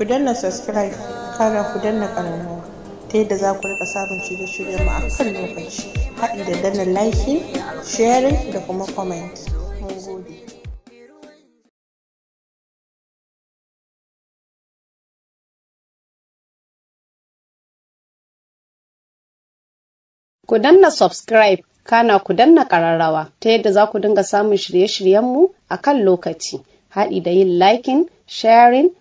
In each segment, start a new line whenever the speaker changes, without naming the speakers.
ku danna subscribe kara ku danna ƙararrawa ta yadda za ku rika samun shirye shirye mu a kan lokaci haɗi da danna like sharing da kuma comment Ku danna subscribe kana ku danna ƙararrawa ta yadda za ku dinga samun shirye-shiryenmu a kan lokaci, haɗi da yin liking, sharing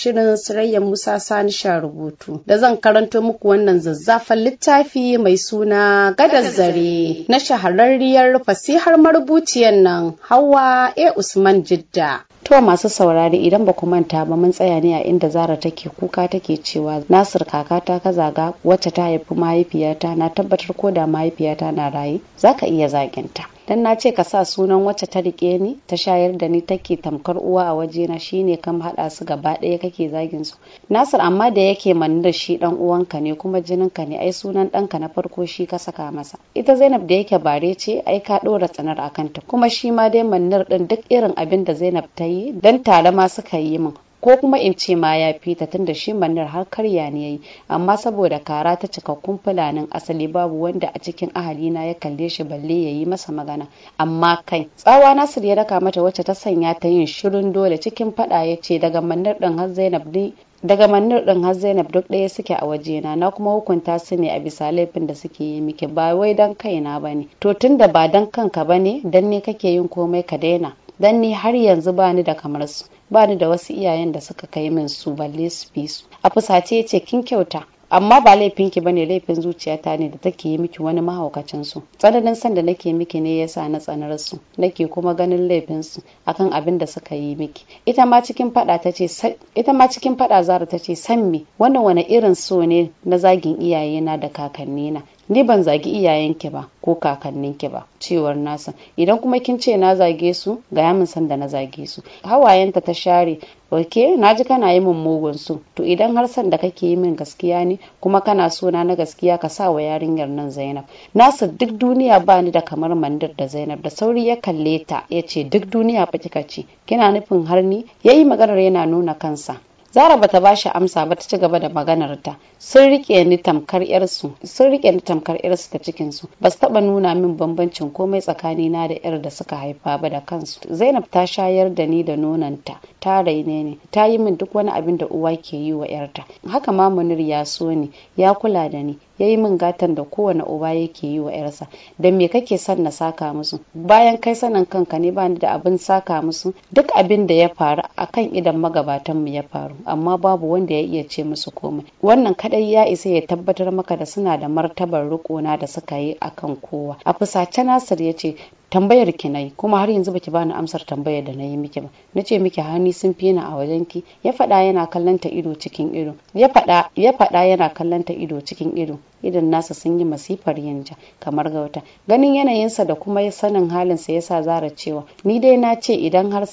shirin Sirayya Musa Sani sha rubutu da zan karanto muku wannan zazzafan littafi mai suna Gadar Zare na shahararriyar fasihar marubuciyar nan Hauwa A Usman Jidda. To masu saurari idan ba ku manta ba mun tsaya ne a inda Zara take kuka take cewa Nasir kakata ka zaga wacce ta haifi mahaifiyata na tabbatar ko da mahaifiyata na raye zaka iya zaginta. Dan na ce ka sa sunan wacce ta rike ni ta shayar da ni take tamkar uwa a waje na shine kam hada su gaba ɗaya kake zagin su. Nasir amma da yake mani da shi dan uwanka ne kuma jinin ka ne ai sunan ɗanka na farko shi ka saka masa. Ita Zainab da yake bare ce ai ka dora tsanar akanta kuma shi ma dai mannar din duk irin abin da Zainab ta yi yi dan tare ma suka yi min ko kuma in ce ma ya fita tunda shi manar har karya ne yayi amma saboda kara ta cikakkun fulanin asali babu wanda a cikin ahalina ya kalle shi balle yi masa magana amma kai tsawa Nasir ya daka mata wacce ta sanya ta yin shirin dole cikin fada ya ce daga manar din har Zainab ne daga manar din har zainab duk ɗaya suke a wajena na kuma hukunta su ne a bisa laifin da suke yi miki ba wai dan kaina ba ne to tunda ba dan kanka bane ne dan ne kake yin komai ka daina dan ni har yanzu bani da kamar su bani da wasu iyayen da suka kai min su balle su fi su a fusace ya ce, kin kyauta amma ba laifinki bane laifin zuciyata ne da take yi miki wani mahaukacin su tsananin san da nake miki ne yasa na tsanar su nake kuma ganin laifin su akan abin da suka yi miki ita ma cikin fada ce ita ma cikin fada zara tace san me wannan wani irin so ne na zagin iyayena da kakannina ni ban zagi iyayenki ba ko kakanninki ba cewar nasa idan kuma kin ce na zage su ga yamin da na zage su hawayenta ta share oke na ji kana yi min mugun su to idan har san da kake yi min gaskiya ne kuma kana so na na gaskiya ka sa wa yarinyar nan zainab nasir duk duniya ba ni da kamar mandir da zainab da sauri ya kalle ta ya ce duk duniya fa kika ce kina nufin har ni yayi maganar yana nuna kansa Zara bata ba shi amsa ba ta ci gaba da maganar ta. Sun rike ni tamkar yarsu, sun rike ni tamkar yarsu ta cikin su. Ba su taba nuna min bambancin komai tsakani na da yar da suka haifa ba da kansu. Zainab ta shayar da ni da nonanta, ta raine ni, ta yi min duk wani abin da uwa ke yi wa yarta. Haka ma Munir ya so ni, ya kula da ni, ya yi min gatan da kowane uba yake yi wa yarsa da me kake son na saka musu bayan kai sanin kanka ne bani da abin saka musu duk abin da ya faru akan idan magabatan mu ya faru amma babu wanda ya iya ce musu komai wannan kadai ya isa ya tabbatar maka da suna da martabar rikona da suka yi akan kowa a fusace nasir ya ce tambayar ki nayi kuma har yanzu baki bani amsar tambayar da nayi miki ba nace miki hani sun fi a wajen ki ya faɗa yana kallonta ido cikin ido ya faɗa ya fada yana kallanta ido cikin ido idan nasa sun yi masifar yin ja kamar ga wata ganin yanayinsa da kuma sanin halinsa ya sa zara cewa ni dai na ce idan har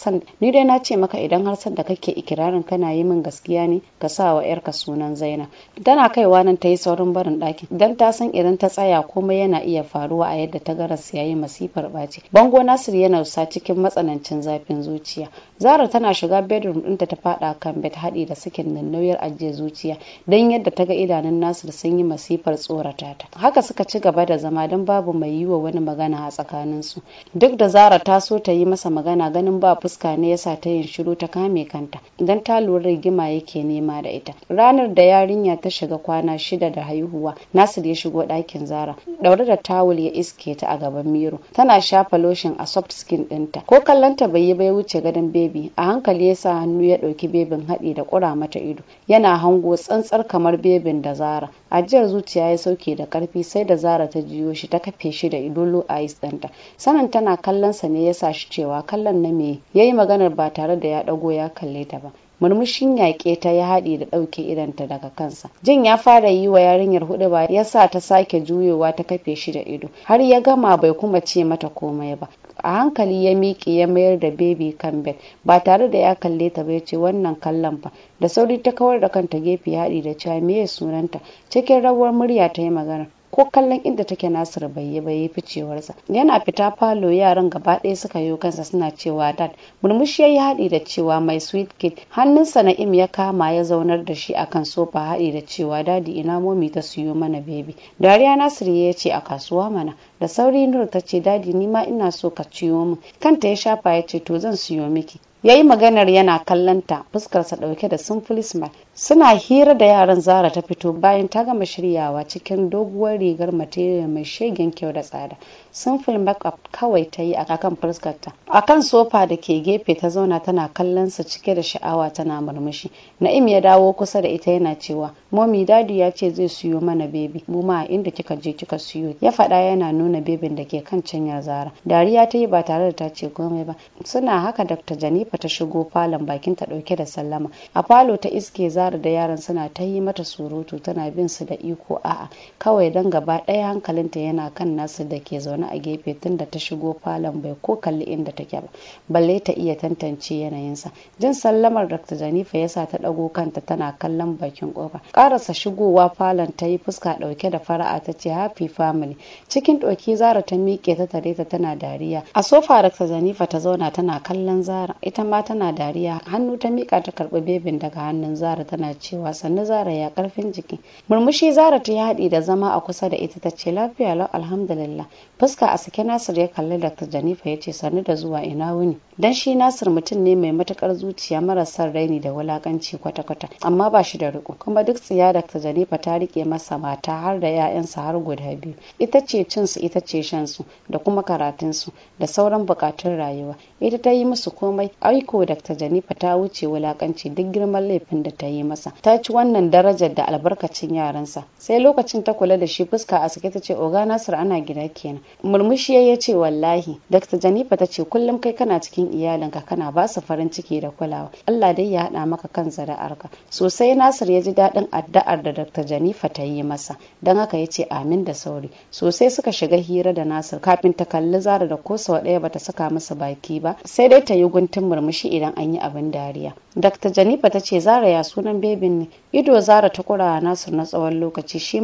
maka idan har san da kake ikirarin kana yi min gaskiya ne ka sa wa yarka sunan zaina tana kaiwa nan ta yi saurin barin ɗakin dan ta san idan ta tsaya komai yana iya faruwa a yadda ta garas ya yi masifar ɓaci bango nasir yana sa cikin matsanancin zafin zuciya zara tana shiga bedroom ɗinta ta faɗa kan bed haɗi da sakin nan nauyar ajiye zuciya don yadda ta ga idanun nasir sun yi masifar tsorata ta haka suka ci gaba da zama don babu mai yi wa wani magana a tsakaninsu duk da zara ta so ta yi masa magana ganin ba fuska ne yasa ta yin shiru ta kame kanta idan ta lura rigima yake nema da ita ranar da yarinya ta shiga kwana shida da haihuwa nasir ya shigo ɗakin zara ɗaure da tawul ya iske ta a gaban miro tana shafa loshin a soft skin ɗinta ko kallonta bai yi bai wuce gadon bebi a hankali ya sa hannu ya ɗauki bebin haɗi da ƙura mata ido yana hango tsantsar kamar bebin da zara ajiyar zuciya zuciya ya sauke da karfi sai da zara ta jiyo shi ta kafe shi da idolo a ɗinta sanin tana kallon sa ne ya sa shi cewa kallon na me ya yi maganar ba tare da ya ɗago ya kalle ta ba murmushin yaƙe ta ya haɗi da ɗauke idanta daga kansa jin ya fara yi wa yarinyar hudu ba ya sa ta sake juyowa ta kafe shi da ido har ya gama bai kuma ce mata komai ba a hankali ya miƙe ya mayar da baby campbell ba tare da ya kalle ta ba ya ce wannan kallon ba. da sauri ta kawar da kanta gefe ya haɗi da cewa me sunanta cikin rawar murya ta yi magana ko kallon inda take Nasiru bai yi bai ficewarsa yana fita falo yaran gaba ɗaya suka yi kansa suna cewa dad murmushi ya yi haɗi da cewa mai sweet kid hannunsa im ya kama ya zaunar da shi a kan sofa haɗi da cewa dadi ina momi ta siyo mana bebi dariya Nasiru ya ce a kasuwa mana da sauri Nur ta ce dadi ni ma ina so ka ciyo min kanta ya shafa ya ce to zan siyo miki ya yi maganar yana kallonta fuskarsa ɗauke da simple smile suna hira da yaran zara ta fito bayan ta gama shiryawa cikin doguwar rigar material mai shegen kyau da tsada simple makeup kawai ta yi a kan fuskarta a kan sofa da ke gefe ta zauna tana kallon sa cike da sha'awa tana murmushi na'im ya dawo kusa da ita yana cewa momi dadi ya ce zai siyo mana baby mu ma inda kika je kika siyo ya faɗa yana nuna bebin da ke kan cinyar zara dariya ta yi ba tare da ta ce komai ba suna haka dr janifa ta shigo falon bakin ta ɗauke da sallama a falo ta iske zara da yaran suna ta yi mata surutu tana bin su da iko a'a kawai don gaba ɗaya hankalinta yana kan nasu da ke zaune zaune a gefe tun da ta shigo falon bai ko kalli inda take ba balle ta iya tantance yanayinsa jin sallamar dr janifa sa ta ɗago kanta tana kallon bakin ƙofa Karasa shigowa falon ta yi fuska ɗauke da fara'a ta ce happy family cikin ɗauki zara ta miƙe ta tare ta tana dariya a sofa dr janifa ta zauna tana kallon zara ita ma tana dariya hannu ta miƙa ta karɓi bebin daga hannun zara tana cewa sannu zara ya karfin jiki murmushi zara ta yi haɗi da zama a kusa da ita ta ce lafiya lau alhamdulillah fuska a sake nasir ya kalli dr janifa ya ce sannu da zuwa ina wuni dan shi nasir mutum ne mai matukar zuciya marasar raini da wulakanci kwata-kwata amma ba shi da riko kuma duk tsiya dr janifa ta rike masa mata har da 'ya'yansa har guda biyu ita ce cinsu ita ce shansu da kuma karatunsu da sauran bukatun rayuwa ita ta yi musu komai aiko dr janifa ta wuce wulakanci duk girman laifin da ta yi masa ta ci wannan darajar da albarkacin yaransa sai lokacin ta kula da shi fuska a sake ta ce oga nasir ana gida kenan murmushi ya ce wallahi dr janifa ta ce kullum kai kana cikin iyalinka kana ba su farin ciki da kulawa allah dai ya haɗa maka kan zara'arka sosai nasir ya ji daɗin addu'ar da dr janifa ta yi masa don haka ya ce amin da sauri sosai suka shiga hira da nasir kafin ta kalli zara da ko sau ɗaya bata saka masa baki ba sai dai ta yi guntun murmushi idan an yi abin dariya dr janifa ta ce zara ya sunan bebin ne ido zara ta kura nasir na tsawon lokaci shi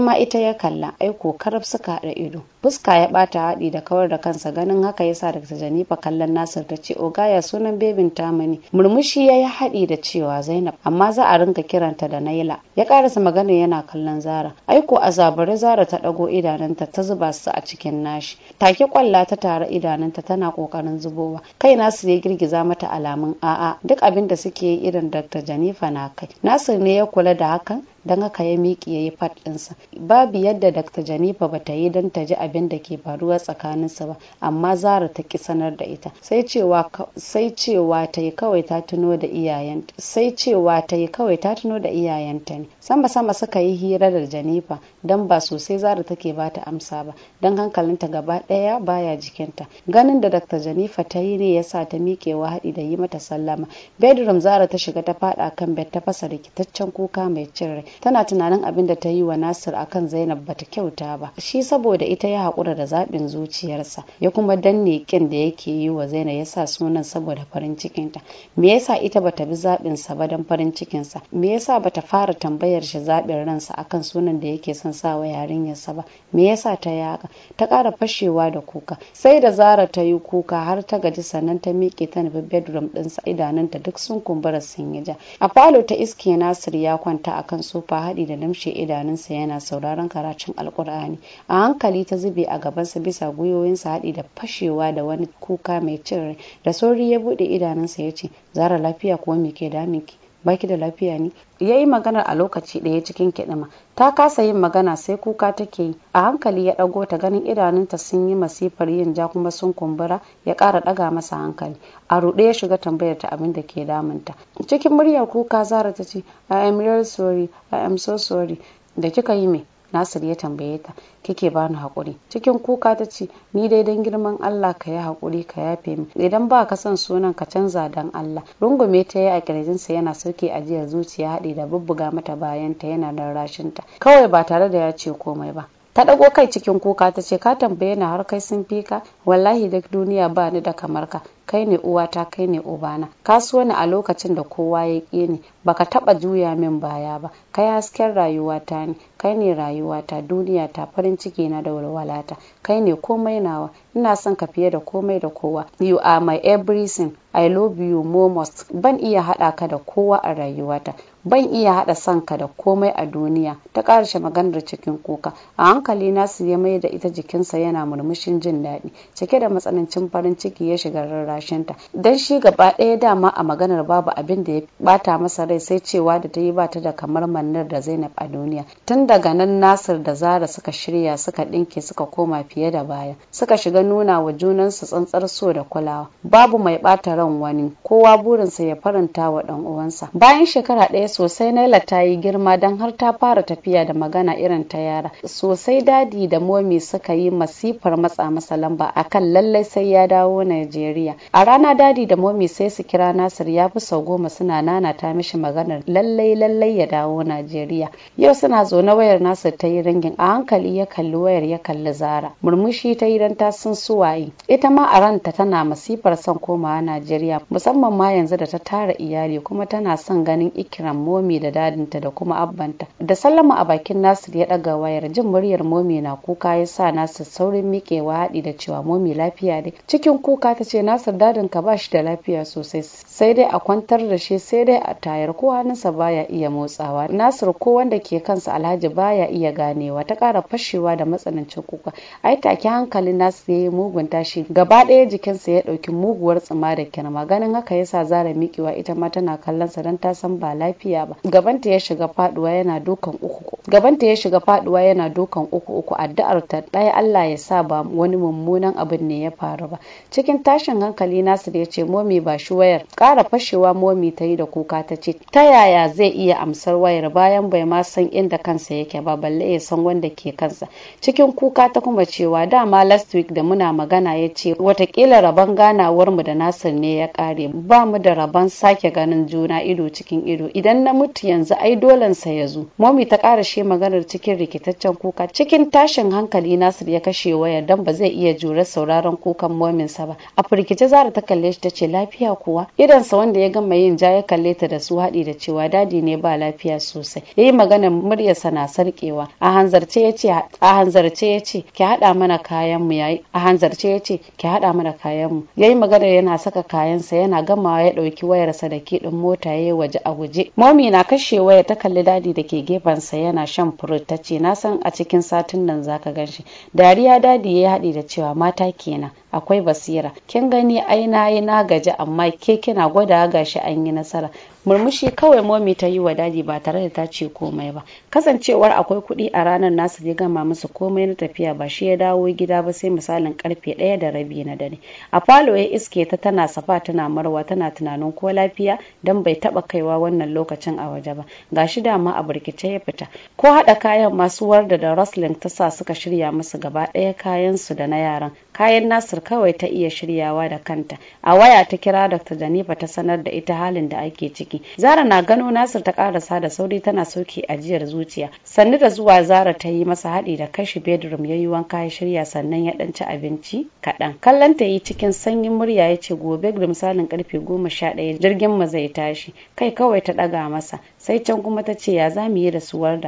ma ita ya kalla aiko karab suka haɗa ido fuska ya bata haɗi da kawar da kansa ganin haka yasa Dr. Janifa kallon Nasir ta ce ogaya sunan bebin tamani murmushi ya yi haɗi da cewa Zainab amma za a rinka kiranta da Naila ya karasa magana yana kallon Zara aiko a zabare Zara ta ɗago idanunta, ta zuba su a cikin nashi take kwalla ta tare idanunta tana kokarin zubowa kai Nasir ya girgiza mata alamun a'a duk abin da suke yi irin Dr. Janifa na kai Nasir ne ya kula da hakan don haka ya miƙe ya yi fat ɗinsa babu yadda dr janifa ba ta yi don ta ji abin da ke faruwa tsakaninsa ba amma zara ta ki sanar da ita sai cewa sai ta yi kawai ta tuno da iyayenta sai cewa ta yi kawai ta tuno da iyayenta ne sama sama suka yi hira da janifa don ba sosai zara take ba ta amsa ba don hankalinta gaba ɗaya baya jikinta ganin da dr janifa ta yi ne yasa ta miƙewa haɗi da yi mata sallama bedroom zara ta shiga ta faɗa kan bed ta fasa rikitaccen kuka mai cin tana tunanin abin da ta yi wa Nasir akan Zainab bata kyauta ba shi saboda ita ya haƙura da zaɓin zuciyarsa ya kuma danne ƙin da yake yi wa Zainab yasa sunan saboda farin cikinta me yasa ita bata bi zaɓinsa sa ba don farin cikinsa me yasa bata fara tambayar shi zaɓin ransa akan sunan da yake son sa wa yarinyarsa ba me yasa ta yaka ta ƙara fashewa da kuka sai da Zara ta yi kuka har ta gaji sannan ta miƙe ta nufi bedroom ɗinsa idanunta duk sun kumbura sun yi ja a falo ta iske Nasir ya kwanta akan so fa haɗi da lamshe idanunsa yana sauraron karatun alkur'ani a hankali ta zube a gabansa bisa gwiwoyinsa haɗi da fashewa da wani kuka mai cin rai da sauri ya buɗe idanunsa ya ce zara lafiya kuwa me ke daminki baki da lafiya ne ya yi magana a lokaci ɗaya cikin kiɗima ta kasa yin magana sai kuka take yi a hankali ya ɗago ta ganin idanunta sun yi masifar yin ja kuma sun kumbura ya ƙara ɗaga masa hankali a ruɗe ya shiga tambayar ta abin da ke damunta cikin muryar kuka zara ta ce i am real sorry i am so sorry da kika yi me Nasir ya tambaye ta kike bani hakuri cikin kuka ta ce ni dai dan girman Allah ka yi hakuri ka yafe min idan ba ka son sunan ka canza dan Allah rungume ta yi a kirjinsa yana sauke ajiyar zuciya haɗe da bubbuga mata bayanta yana rarrashinta kawai ba tare da ya ce komai ba ta ɗago kai cikin kuka ta ce ka tambaye ni har kai sun fi ka wallahi duk duniya ba ni da kamar ka kai ne uwata kai ne ubana ka so ni a lokacin da kowa ya ƙi ni baka taɓa juya min baya ba kai hasken rayuwata ne kai ne rayuwata duniya ta farin ciki na da walwalata kai ne komai nawa ina son ka fiye da komai da kowa you are my everything i love you most ban iya hada ka da kowa a rayuwata ban iya hada son ka da komai a duniya ta karshe maganar cikin kuka a hankali nasu ya mai da ita jikinsa yana murmushin jin daɗi cike da matsanancin farin ciki ya shiga rarra farashinta dan shi gaba ɗaya dama a maganar babu abin da ya bata masa rai sai cewa da ta yi bata da kamar mannar da Zainab a duniya tun daga nan Nasir da Zara suka shirya suka ɗinke suka koma fiye da baya suka shiga nuna wa junansu tsantsar so da kulawa babu mai bata ran wani kowa burinsa ya faranta wa ɗan uwansa bayan shekara ɗaya sosai Naila ta yi girma don har ta fara tafiya da magana irin ta yara sosai dadi da momi suka yi masifar matsa masa lamba akan lallai sai ya dawo Najeriya a rana dadi da momi sai su kira nasir ya fi sau goma suna nana ta mishi maganar lallai lallai ya dawo najeriya yau suna na wayar nasir ta yi rangin a hankali ya kalli wayar ya kalli zara murmushi ta yi don ta sun suwaye ita ma a ranta tana masifar son komawa najeriya musamman ma yanzu da ta tara iyali kuma tana son ganin ikiran momi da dadinta da kuma abbanta da sallama a bakin nasir ya daga wayar jin muryar momi na kuka ya sa nasir saurin miƙewa haɗi da cewa momi lafiya ne cikin kuka ta ce nasir dadin ka bashi da lafiya sosai sai dai a kwantar da shi sai dai a tayar ko hannunsa baya iya motsawa nasir ko wanda ke kansa alhaji baya iya ganewa ta kara fashewa da matsanancin kuka ai take hankalin nasir ya yi mugun tashi gaba ɗaya jikinsa ya ɗauki muguwar tsima da kirma ganin haka yasa zara mikiwa ita ma tana kallon sa don ta san ba lafiya ba gabanta ya shiga faduwa yana dukan uku gabanta ya shiga faduwa yana dukan uku uku addu'ar ta ɗaya Allah ya sa ba wani mummunan abin ne ya faru ba cikin tashin hankali hankali Nasir ya ce momi ba shi wayar. Ƙara fashewa momi ta yi da kuka ta ce ta yaya zai iya amsar wayar bayan bai ma san inda kansa yake ba balle ya san wanda ke kansa. Cikin kuka ta kuma cewa dama last week da muna magana ya ce watakila rabon ganawar mu da Nasir ne ya ƙare ba mu da rabon sake ganin juna ido cikin ido idan na mutu yanzu ai dolen sa ya zo. Momi ta ƙara shi maganar cikin rikitaccen kuka cikin tashin hankali Nasir ya kashe wayar dan ba zai iya jure sauraron kukan mominsa ba. A firgice zara ta kalle shi ta lafiya kuwa idansa wanda ya gama yin ja ya kalle ta da su haɗi da cewa dadi ne ba lafiya sosai yayi magana muryarsa na sarkewa a hanzarce ya ce a hanzarce ya ki haɗa mana kayan mu yayi a hanzarce ya ce ki haɗa mana kayan mu yayi magana yana saka kayansa yana gamawa ya ɗauki wayarsa da ke ɗin mota ya waje a guje momi na kashe waya ta kalli dadi da ke gefensa yana shan furut ta na san a cikin satin nan zaka gan shi dariya dadi ya haɗi da cewa mata kenan akwai basira kin gani ai nayi na gaji amma ke kina gwada gashi an yi nasara murmushi kawai momi ta yi wa daji ba tare da ta ce komai ba kasancewar akwai kuɗi a ranar nasu ya gama musu komai na tafiya ba shi ya dawo gida ba sai misalin karfe ɗaya da rabi na dare a falo ya iske ta tana safa tana marwa tana tunanin ko lafiya don bai taba kaiwa wannan lokacin a waje ba Ga shi dama a burkice ya fita ko haɗa kayan masu warda da rustling ta sa suka shirya musu gaba ɗaya kayan su da na yaran kayan nasir kawai ta iya shiryawa da kanta a waya ta kira dr janifa ta sanar da ita halin da ake ciki ciki zara na gano nasir ta karasa da sauri tana sauke ajiyar zuciya sannu da zuwa zara ta yi masa haɗi da kashi bedroom ya yi wanka ya shirya sannan ya ɗanci ci abinci kaɗan kallon ta yi cikin sanyin murya ya ce gobe da misalin karfe goma sha ɗaya jirgin mu zai tashi kai kawai ta ɗaga masa sai can kuma ta ce ya zamu yi da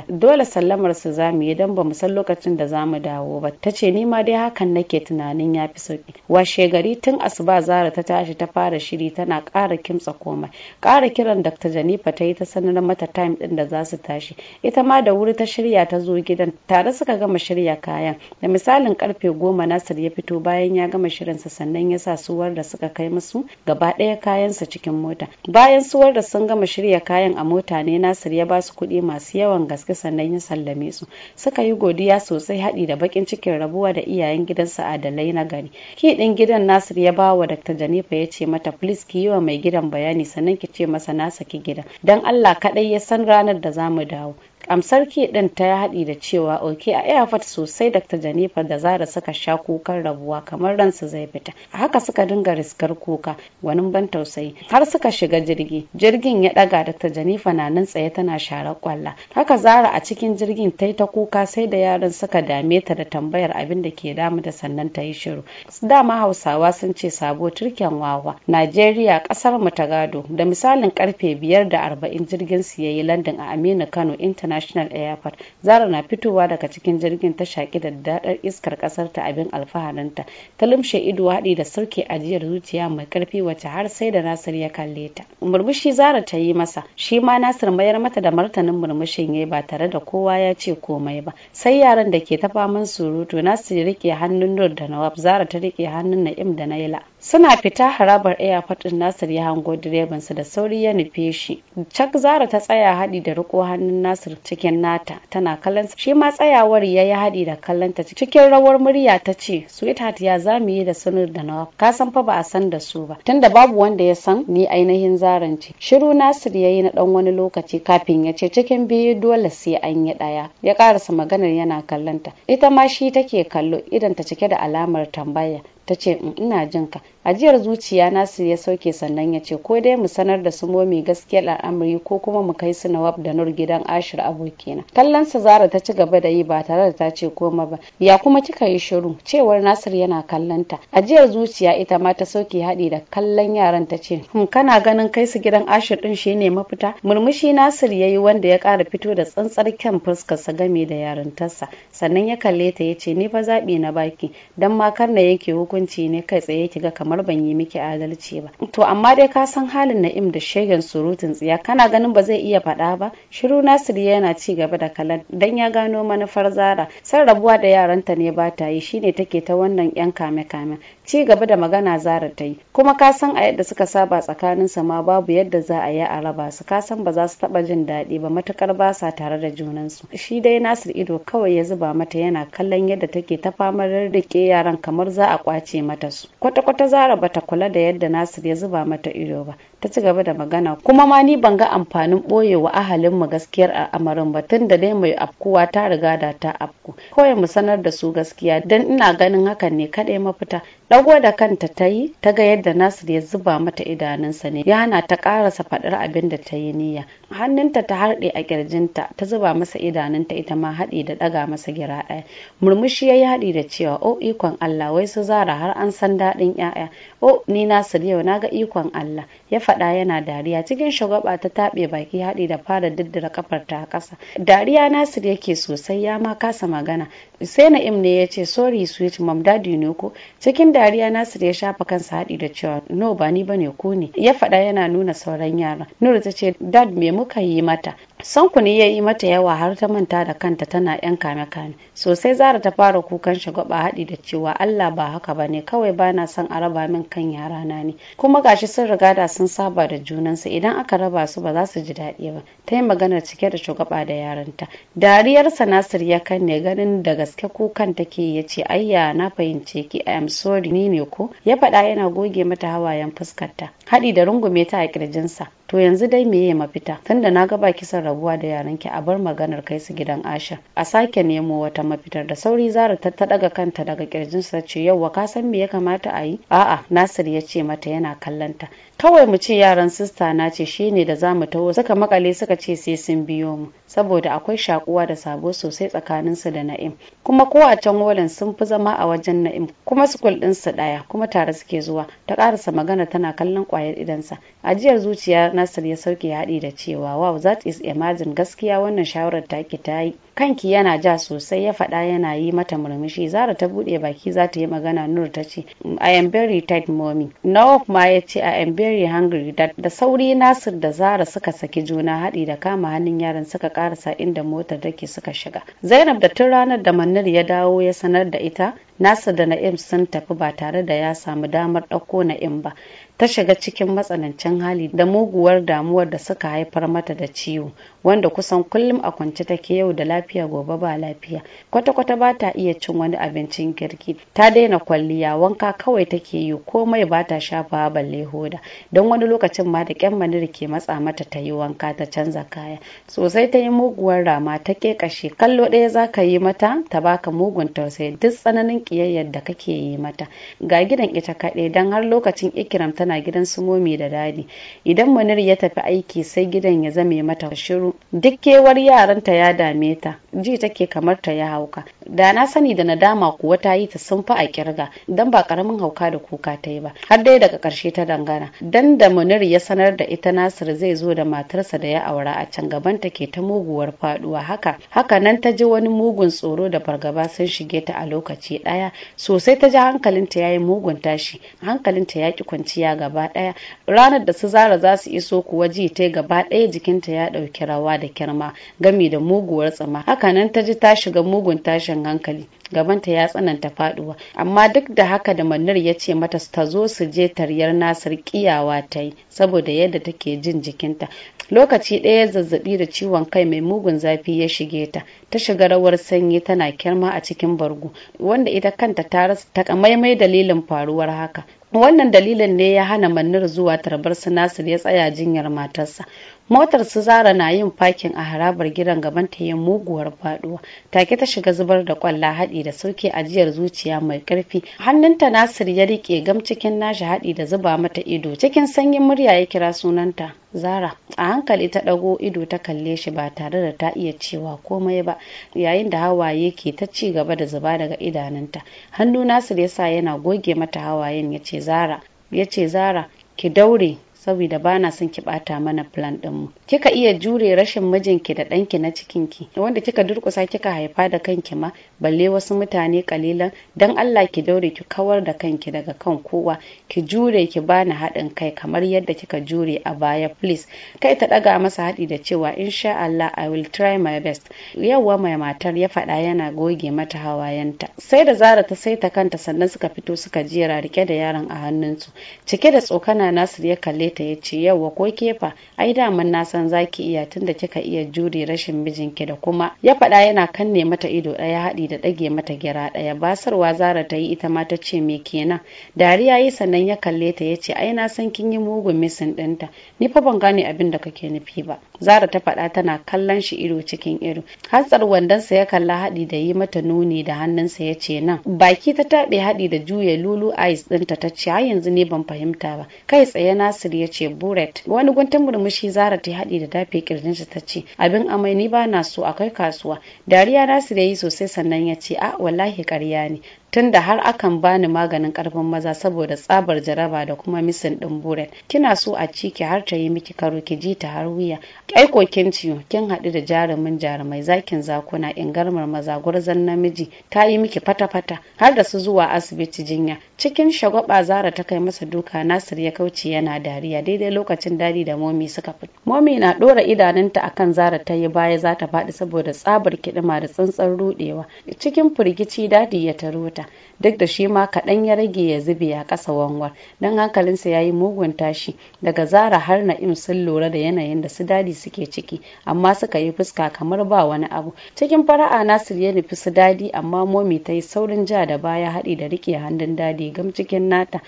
dole sallamar su zamu yi don bamu san lokacin da zamu dawo ba ta ce ni ma dai hakan nake tunanin ya fi sauki washe gari tun asuba zara ta tashi ta fara shiri tana ƙara kimtsa komai Kara kiran dr janifa ta yi ta sanar mata time din da za su tashi ita ma da wuri ta shirya ta zo gidan tare suka gama shirya kayan da misalin karfe goma nasir ya fito bayan ya gama shirinsa sannan ya sa suwar da suka kai musu gaba ɗaya kayansa cikin mota bayan suwar da sun gama shirya kayan a mota mutane Nasir ya ba su kuɗi masu yawan gaske sannan ya sallame su. Suka yi godiya sosai haɗi da bakin cikin rabuwa da iyayen gidansa adalai na gari. Ki ɗin gidan Nasir ya ba wa Dr. Janifa ya ce mata please ki yi wa mai gidan bayani sannan ki ce masa na saki gidan. don Allah kaɗai ya san ranar da za mu dawo. amsar ke din ta haɗi da cewa oke a airport sosai dr janifa da zara suka sha kukan rabuwa kamar ransu zai fita a haka suka dinga riskar kuka wani ban tausayi har suka shiga jirgi jirgin ya ɗaga dr janifa na nan tsaye tana share kwalla haka zara a cikin jirgin ta yi ta kuka sai da yaran suka dame ta da tambayar abin da ke damu da sannan ta yi shiru dama hausawa sun ce sabo turken wawa nigeria ƙasar mu ta gado da misalin karfe biyar da arba'in jirgin su ya yi landin a aminu kano intanet international airport zara na fitowa daga cikin jirgin ta shaƙi da daɗar iskar ƙasar ta abin alfaharinta ta lumshe ido haɗi da sauke ajiyar zuciya mai ƙarfi wacce har sai da nasir ya kalle ta murmushi zara ta yi masa shi ma nasir mayar mata da martanin murmushin ya ba tare da kowa ya ce komai ba sai yaran da ke ta faman surutu nasir rike hannun nur da nawab zara ta rike hannun na'im da naila suna fita harabar airport din nasir ya hango sa da sauri ya nufe shi cak zara ta tsaya haɗi da riko hannun nasir cikin nata tana kallon shi ma tsayawar ya yi haɗi da kallonta cikin rawar murya ta ce sweetheart ya za yi da sunur da nawa ka san fa ba a san da su ba tunda babu wanda ya san ni ainihin zaran ce shiru nasir ya yi na ɗan wani lokaci kafin ya ce cikin biyu dole sai an yi ɗaya ya karasa maganar yana kallonta ita ma shi take kallo idan ta cike da alamar tambaya ta ce mm, ina jin ka ajiyar zuciya nasu ya sauke sannan ya ce ko dai mu sanar da su momi gaskiyar al'amari ko kuma mu kai su nawab da nur gidan ashir abokina kallon sa zara ta ci gaba da yi ba tare da ta ce koma ba ya kuma kika yi shiru cewar nasir yana kallon ta ajiyar zuciya ita ma ta sauke haɗi da kallon yaran ta ce hm kana ganin kai su gidan ashir din shine mafita murmushi nasir yayi wanda ya kara fito da tsantsar kyan sa game da yarintarsa sannan ya kalle ta ya ni fa zaɓi na baki dan ma na yake hukunci hukunci ne kai tsaye ki ga kamar ban yi miki adalci ba to amma dai ka san halin na'im da shegen surutun tsiya kana ganin ba zai iya faɗa ba shiru nasiru yana ci gaba da kalan dan ya gano manufar zara san rabuwa da yaranta ne ba ta yi shine take ta wannan yan kame kame ci gaba da magana zara ta yi kuma ka san a yadda suka saba tsakanin sa ma babu yadda za a yi a raba su ka san ba za su taba jin daɗi ba matukar ba sa tare da junansu shi dai nasir ido kawai ya zuba mata yana kallon yadda take ta famar rike yaran kamar za a kwace ce mata su kwata-kwata zara bata kula da yadda nasir ya zuba mata ido ba ta ci gaba da magana kuma ma ni ban ga amfanin wa ahalin mu gaskiyar al'amarin ba tun da dai mai afkuwa ta riga da ta afku kawai mu sanar da su gaskiya dan ina ganin hakan ne kaɗai mafita Dago da kanta ta yi, ta ga yadda Nasir ya zuba mata idanunsa ne, ya hana ta karasa faɗar abin da ta yi niyya. Hannunta ta harɗe a ƙirjinta, ta zuba masa idanunta ita ma haɗi da ɗaga masa gira ɗaya. Murmushi ya yi haɗi da cewa, "O ikon Allah, wai su zara har an san daɗin ‘ya'ya." "O ni Nasir yau na ga ikon Allah," ya faɗa yana dariya. Cikin shagwaba ta taɓe baki haɗi da fara diddira kafar ta ƙasa. Dariya Nasir yake sosai ya ma kasa magana. Sai Na'im ne ya ce, "Sorry sweet mom, daddy ne ko?" Cikin dariya Nasir ya shafa kansa haɗi da cewa no ba ni bane ku ne ya faɗa yana nuna sauran yara Nura ta ce dad me muka yi mata sankuni ya yi mata yawa har ta manta da kanta tana yan kame kame sosai zara ta fara kukan gaba haɗi da cewa allah ba haka ba ne kawai ba na son a raba min kan yara na ne kuma gashi sun riga da sun saba da junansu idan aka raba su ba za su ji daɗi ba ta yi maganar cike da shugaba da yaranta dariyarsa nasir ya kan ne ganin da gaske kukan take ya ce ayya na fahimce ki i am sorry ni ne ko ya faɗa yana goge mata hawayen fuskarta haɗi da rungume ta a ƙirjinsa to yanzu dai meye mafita tunda na ga kisan son rabuwa da yaran ki a bar maganar kai su gidan asha a sake nemo wata mafitar da sauri zara ta daga kanta daga kirjinsa ce yauwa ka san me ya kamata a yi a'a nasir ya ce mata yana kallanta kawai mu ce yaran sista na ce shi ne da za mu taho suka makale suka ce sai sun biyo mu saboda akwai shakuwa da sabo sosai tsakaninsu da na'im kuma ko a can walin sun fi zama a wajen na'im kuma sukul ɗinsu ɗaya kuma tare suke zuwa ta ƙarasa magana tana kallon ƙwayar idansa ajiyar zuciya nasir ya sauke haɗi da cewa wow that is imagine gaskiya wannan shawarar take ta yi kanki yana ja sosai ya faɗa yana yi mata murmushi zara ta buɗe baki za ta yi magana nur ta ce i am very tight mommy nawaf ma ya ce i am very hungry da sauri nasir da zara suka saki juna haɗi da kama hannun yaran suka karasa inda motar take suka shiga zainab da tun ranar da mannar ya dawo ya sanar da ita nasir da na'im sun tafi ba tare da ya samu damar ɗauko na'im ba ta shiga cikin matsanancin hali da muguwar damuwar da suka haifar mata da ciwo wanda kusan kullum a kwance take yau da lafiya gobe ba lafiya kwata-kwata ba ta iya cin wani abincin girki ta daina kwalliya wanka kawai take yi komai ba ta shafawa balle hoda don wani lokacin ma da kyan manir ke matsa mata ta yi wanka ta canza kaya sosai ta yi muguwar rama ta ke kashe kallo ɗaya za ka yi mata ta baka mugun tausayi duk tsananin ƙiyayyar da kake yi mata ga gidan ita kaɗai don har lokacin ikiram ta tana gidan su momi da dadi idan munir ya tafi aiki sai gidan ya zame mata shiru duk kewar yaranta ya dame ta ji take kamar ta ya hauka da na sani da nadama kuwa ta yi ta sunfa a kirga dan ba karamin hauka da kuka ta yi ba har dai daga karshe ta dangana dan da munir ya sanar da ita nasir zai zo da matarsa da ya aura a can gaban ta ke ta muguwar faduwa haka haka nan ta ji wani mugun tsoro da fargaba sun shige ta a lokaci ɗaya sosai ta ji hankalinta ya yi mugun tashi hankalinta ya ki kwanciya gaba ɗaya ranar da su zara za su iso kuwa ji ta gaba ɗaya jikinta ya ɗauki rawa da kirma gami da muguwar tsama hakanan ta ji ta shiga mugun tashin hankali gabanta ya tsananta faduwa amma duk da haka da mannar ya ce mata ta zo su je taryar nasar kiyawa ta yi saboda yadda take jin jikinta lokaci ɗaya zazzabi da ciwon kai mai mugun zafi ya shige ta ta shiga rawar sanyi tana kirma a cikin bargo wanda ita kanta ta rasa takamaimai dalilin faruwar haka wannan dalilin ne ya hana manir zuwa tarbar su nasir ya tsaya jinyar matarsa motar su zara na yin fakin a harabar gidan gaban ta yin muguwar faduwa take ta shiga zubar da kwalla hadi da sauke ajiyar zuciya mai karfi hannunta nasir ya rike gam cikin nashi hadi da zuba mata ido cikin sanyin murya ya kira sunanta zara a hankali ta dago ido ta kalle shi ba tare da ta iya cewa komai ba yayin da hawaye ke ta ci gaba da zuba daga idanunta hannu nasir ya sa yana goge mata hawayen ya ce ce zara ya ce zara ki daure saboda ba na son ki bata mana plan ɗinmu. Kika iya jure rashin mijinki da ɗanki na cikinki wanda kika durƙusa kika haifa da kanki ma balle wasu mutane kalilan don Allah ki daure ki kawar da kanki daga kan kowa ki jure ki bani haɗin kai kamar yadda kika jure a baya please kai ta ɗaga masa haɗi da cewa insha Allah I will try my best yawwa mai matar ya faɗa yana goge mata hawayenta sai da zara ta saita kanta sannan suka fito suka jera rike da yaron a hannunsu cike da tsokana Nasir ya kalle ta ya ce yauwa ko kefa ai daman na san zaki iya tunda kika iya jure rashin mijinki da kuma ya faɗa yana kanne mata ido ɗaya haɗi da ɗage mata gira ɗaya basarwa zara ta yi ita ma ta ce me kenan dariya yi sannan ya kalle ta ya ce ai na san kin yi mugun misin ɗinta ni fa ban gane abin da kake nufi ba zara ta faɗa tana kallon shi ido cikin ido hatsar wandonsa ya kalla haɗi da yi mata nuni da hannunsa ya ce nan baki ta taɓe haɗi da juya lulu eyes ɗinta ta ce har yanzu ne ban fahimta ba kai tsaye nasir ya ya ce buret wani guntun murmushi zara ta haɗi da dafe kirjinsa ta ce abin amai ni ba na so akwai kasuwa dariya nasu ya yi sosai sannan ya ce a wallahi ƙarya ne tunda har akan bani maganin karfin maza saboda tsabar jaraba da kuma misin din buren kina so a ci ki har ta yi miki karo ki ji ta har wuya aiko kin ciyo kin haɗu da jarumin jarumai zakin zakuna in garmar maza gwarzon namiji ta yi miki fata-fata har da su zuwa asibiti jinya cikin shagwaba zara ta kai masa duka nasir ya kauce yana dariya daidai lokacin dadi da momi suka fi momi na ɗora idanunta akan zara ta yi baya za ta faɗi saboda tsabar kiɗima da tsantsar ruɗewa cikin firgici dadi ya taro ta duk da shi ma kaɗan ya rage ya zube a ƙasa wangwar, don hankalinsa ya yi mugun tashi daga zara har na'im sun lura da yanayin da su dadi suke ciki amma suka yi fuska kamar ba wani abu cikin fara'a nasir ya nufi su dadi amma momi ta yi saurin ja da baya haɗi da riƙe hannun dadi gam cikin nata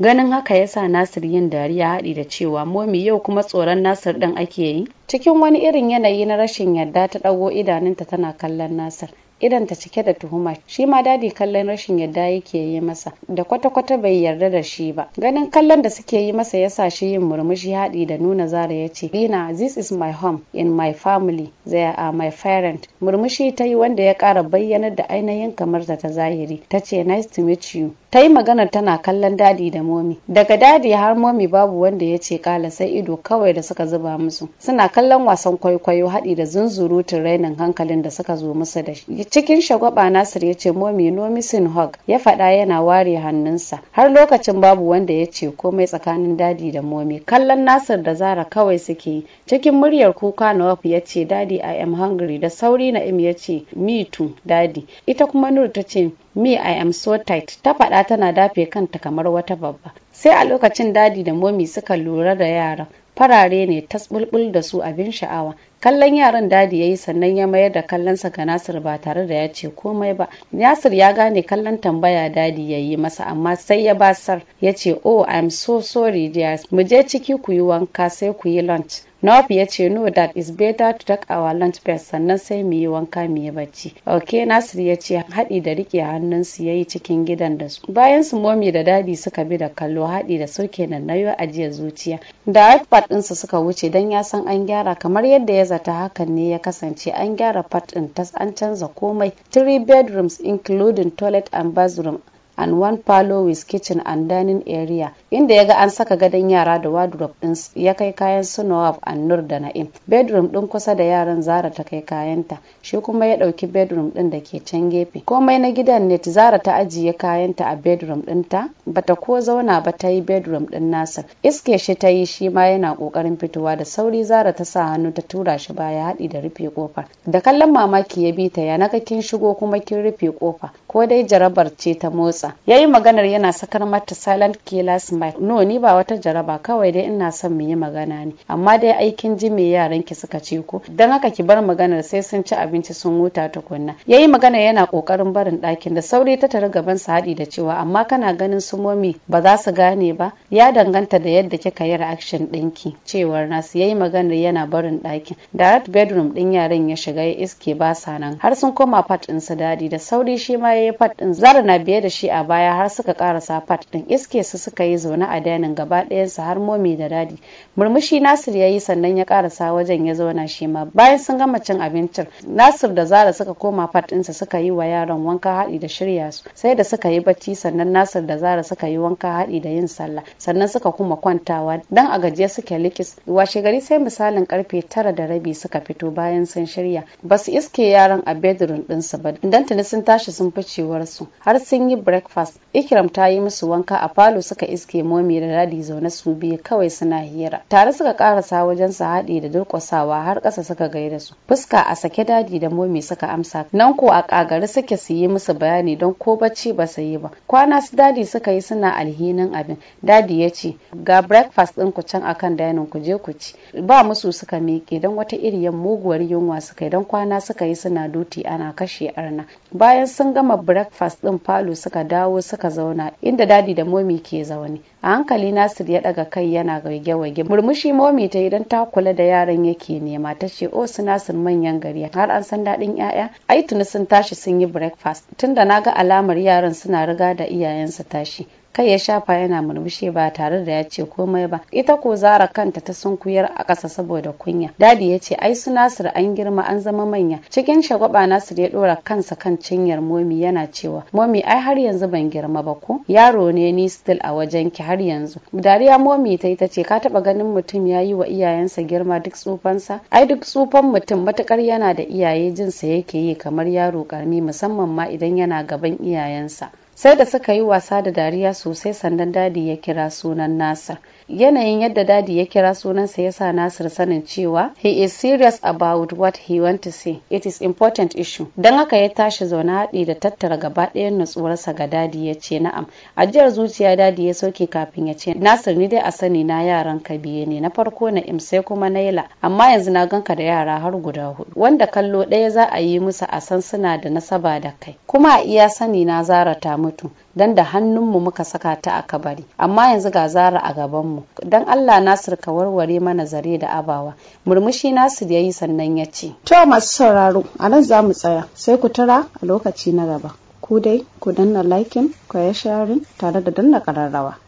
ganin haka ya sa nasir yin dariya haɗi da cewa momi yau kuma tsoron nasir ɗin ake yi cikin wani irin yanayi na rashin yarda ta ɗago idanunta tana kallon nasir idanta cike da tuhuma shi ma dadi kallon rashin yadda yake yi masa da kwata-kwata bai yarda da shi ba ganin kallon da suke yi masa ya sa shi yin murmushi haɗi da nuna zara ya ce lina this is my home in my family they are my parent murmushi ta yi wanda ya ƙara bayyanar da ainihin kamar ta zahiri ta ce nice to meet you ta yi maganar tana kallon dadi da momi daga dadi har momi babu wanda ya ce kala sai ido kawai da suka zuba musu suna kallon wasan kwaikwayo haɗi da zunzurutun rainin hankalin da suka zo musu da shi cikin shagwaba nasir ya ce momi nomi sin hog ya faɗa yana ware hannunsa har lokacin babu wanda ya ce komai tsakanin dadi da momi kallon nasir da zara kawai suke yi cikin muryar kuka wafi ya ce dadi i am hungry da sauri na'im ya ce me too dadi ita kuma nur ta ce me i am so tight ta faɗa tana dafe kanta kamar wata babba sai a lokacin dadi da momi suka lura da yaran farare ne ta bulbul da su abin sha'awa kallon yaran dadi ya yi sannan ya mayar da kallon sa ga nasir ba tare da ya ce komai ba nasir ya gane kallon tambaya dadi ya yi masa amma sai ya basar ya ce oh i'm so sorry dear mu je ciki ku yi wanka sai ku yi lunch Nawaf ya ce no that is better to take our lunch break sannan sai mu yi wanka mu yi bacci. Ok Nasir ya ce haɗi da riƙe hannunsu ya yi cikin gidan da su. Bayan su momi da dadi suka bi da kallo haɗi da sauke na nayo ajiyar zuciya. Da iPad ɗinsu suka wuce don ya san an gyara kamar yadda ya zata hakan ne ya kasance an gyara fat ɗin tas an canza komai three bedrooms including toilet and bathroom and one parlor with kitchen and dining area inda yaga an saka gadon yara da wardrobe din ya kai kayan su Nawaf and Nur da Na'im bedroom din kusa da yaran Zara ta kai kayanta shi kuma ya dauki bedroom din da ke can gefe komai na gidan ne Zara ta ajiye kayanta a bedroom ta bata ko zauna ba ta yi bedroom din nasa. iske shi ta yi shi ma yana kokarin fitowa da sauri Zara ta sa hannu ta tura shi baya haɗi da rufe kofa da kallon mamaki ya bi ta ya naga kin shigo kuma kin rufe kofa ko dai jarabar ce ta motsa kansa ya yi maganar yana sakar mata silent killer smile no ni ba wata jaraba kawai dai ina son mu yi magana ne amma dai aikin ji me yaran ki suka ce ko dan haka ki bar maganar sai sun ci abinci sun huta tukunna ya yi maganar yana kokarin barin ɗakin da sauri ta tare gaban sa haɗi da cewa amma kana ganin su momi ba za su gane ba ya danganta da yadda kika yi reaction ɗinki cewar nasu ya yi maganar yana barin ɗakin Da direct bedroom ɗin yaran ya shiga ya iske ba sa nan har sun koma part ɗinsu su dadi da sauri shi ma ya yi part ɗin zara na biye da shi a baya har suka karasa fat din iske su suka yi zaune a danin gaba ɗayansu har momi da dadi murmushi nasir ya yi sannan ya karasa wajen ya zauna shi ma bayan sun gama cin abincin nasir da zara suka koma fat ɗinsa suka yi wa yaron wanka haɗi da shirya su sai da suka yi bacci sannan nasir da zara suka yi wanka haɗi da yin sallah sannan suka kuma kwantawa dan a gajiya suke likis washe gari sai misalin karfe tara da rabi suka fito bayan sun shirya Basu iske yaran a bedroom ɗinsu ba dan tuni sun tashi sun ficewar su har sun yi break breakfast ikram ta yi musu wanka a falo suka iske momi da dadi zaune su biyu kawai suna hira tare suka karasa wajen su haɗe da durƙusawa har ƙasa suka gaida su fuska a sake dadi da momi suka amsa nan ko a ƙagari suke su yi musu bayani don ko bacci ba su yi ba kwana su dadi suka yi suna alhinin abin dadi ya ce ga breakfast ɗin ku can akan dainin ku je ku ci ba musu suka miƙe don wata iriyan muguwar yunwa suka yi don kwana suka yi suna duti ana kashe arna bayan sun gama breakfast ɗin falo suka dawo suka zauna inda dadi da momi ke zaune a hankali nasir ya daga kai yana gage waige murmushi momi ta idan ta kula da yaran yake nema ta ce o oh, su nasir manyan gari har an san daɗin 'ya'ya ai tuni sun tashi sun yi breakfast tunda na ga alamar yaran suna riga da iyayensu tashi kai ya shafa yana murmushi ba tare da ya ce komai ba ita ko zara kanta ta sunkuyar a ƙasa saboda kunya dadi ya ce ai su nasir an girma an zama manya cikin shagwaba nasir ya ɗora kansa kan cinyar momi yana cewa momi ai har yanzu ban girma ba ko yaro ne ni still a wajen ki har yanzu dariya momi ta ita ce ka taba ganin mutum ya yi wa iyayensa girma duk tsufansa ai duk tsufan mutum matukar yana da iyaye jinsa yake yi kamar yaro karmi musamman ma idan yana gaban iyayensa sai da suka yi wasa da dariya sosai sannan dadi ya kira sunan nasir yanayin yadda dadi ya kira sunansa ya sa nasir sanin cewa he is serious about what he want to say it is important issue don haka ya tashi zaune haɗi da tattara gaba ɗayan nutsuwarsa ga dadi ya ce na'am ajiyar zuciya dadi ya sauke kafin ya ce nasir ni dai a sani na yaran ka biye ne na farko na im kuma naila amma yanzu na ganka da yara har guda hudu wanda kallo ɗaya za a yi musu a san suna da nasaba da kai kuma a iya sani na zarata. ta mutu dan da hannunmu muka saka ta a kabari amma yanzu ga zara a gabanmu dan Allah Nasir ka warware mana zare da abawa murmushi Nasir yayi sannan ya ce to masu sauraro a nan za mu tsaya sai ku tara a lokaci na gaba ku dai ku danna liking ku ya sharing tare da danna kararrawa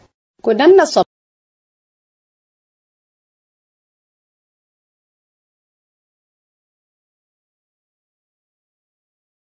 ku danna